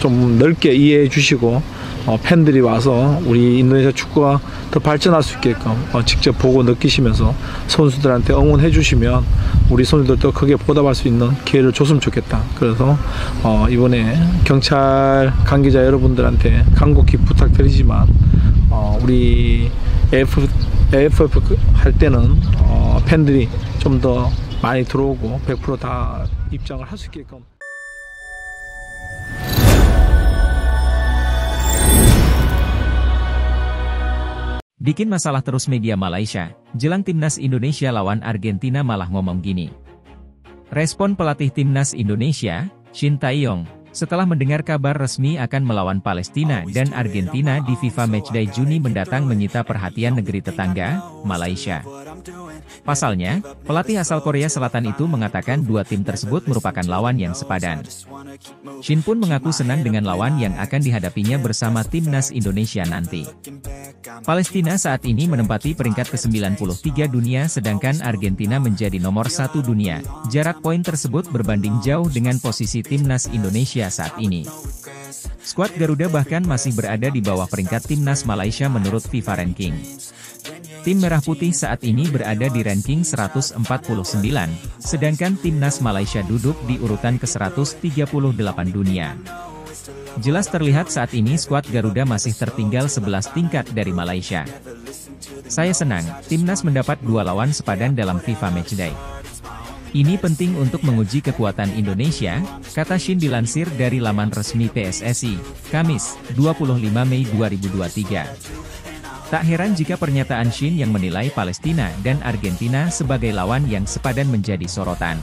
좀 넓게 이해해 주시고 어, 팬들이 와서 우리 인도네시아 축구가 더 발전할 수 있게끔 어, 직접 보고 느끼시면서 선수들한테 응원해 주시면 우리 선수들도 크게 보답할 수 있는 기회를 줬으면 좋겠다. 그래서 어, 이번에 경찰 관계자 여러분들한테 간곡히 부탁드리지만 어, 우리 AF, AFF 할 때는 어, 팬들이 좀 더 많이 들어오고 100%다 입장을 할 수 있게끔 Bikin masalah terus media Malaysia, jelang timnas Indonesia lawan Argentina malah ngomong gini. Respon pelatih timnas Indonesia, Shin Taeyong, setelah mendengar kabar resmi akan melawan Palestina dan Argentina di FIFA Matchday Juni mendatang menyita perhatian negeri tetangga, Malaysia. Pasalnya, pelatih asal Korea Selatan itu mengatakan dua tim tersebut merupakan lawan yang sepadan. Shin pun mengaku senang dengan lawan yang akan dihadapinya bersama timnas Indonesia nanti. Palestina saat ini menempati peringkat ke-93 dunia sedangkan Argentina menjadi nomor satu dunia. Jarak poin tersebut berbanding jauh dengan posisi timnas Indonesia saat ini. Skuad Garuda bahkan masih berada di bawah peringkat timnas Malaysia menurut FIFA Ranking. Tim Merah Putih saat ini berada di ranking 149, sedangkan timnas Malaysia duduk di urutan ke-138 dunia. Jelas terlihat saat ini skuad Garuda masih tertinggal 11 tingkat dari Malaysia. Saya senang, timnas mendapat dua lawan sepadan dalam FIFA Matchday. Ini penting untuk menguji kekuatan Indonesia, kata Shin dilansir dari laman resmi PSSI, Kamis, 25 Mei 2023. Tak heran jika pernyataan Shin yang menilai Palestina dan Argentina sebagai lawan yang sepadan menjadi sorotan.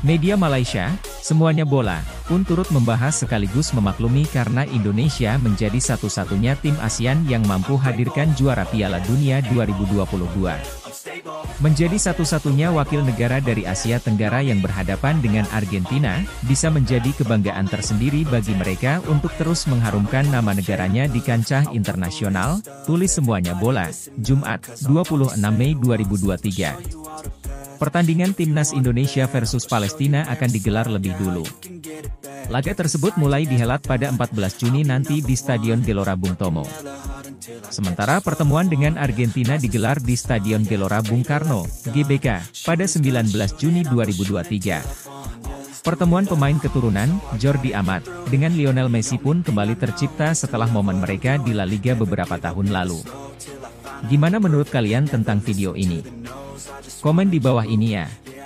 Media Malaysia, semuanya bola, pun turut membahas sekaligus memaklumi karena Indonesia menjadi satu-satunya tim ASEAN yang mampu hadirkan juara Piala Dunia 2022. Menjadi satu-satunya wakil negara dari Asia Tenggara yang berhadapan dengan Argentina, bisa menjadi kebanggaan tersendiri bagi mereka untuk terus mengharumkan nama negaranya di kancah internasional, tulis semuanya bola, Jumat, 26 Mei 2023. Pertandingan Timnas Indonesia versus Palestina akan digelar lebih dulu. Laga tersebut mulai dihelat pada 14 Juni nanti di Stadion Gelora Bung Tomo. Sementara pertemuan dengan Argentina digelar di Stadion Gelora Bung Karno, GBK, pada 19 Juni 2023. Pertemuan pemain keturunan, Jordi Amat, dengan Lionel Messi pun kembali tercipta setelah momen mereka di La Liga beberapa tahun lalu. Gimana menurut kalian tentang video ini? Komen di bawah ini ya.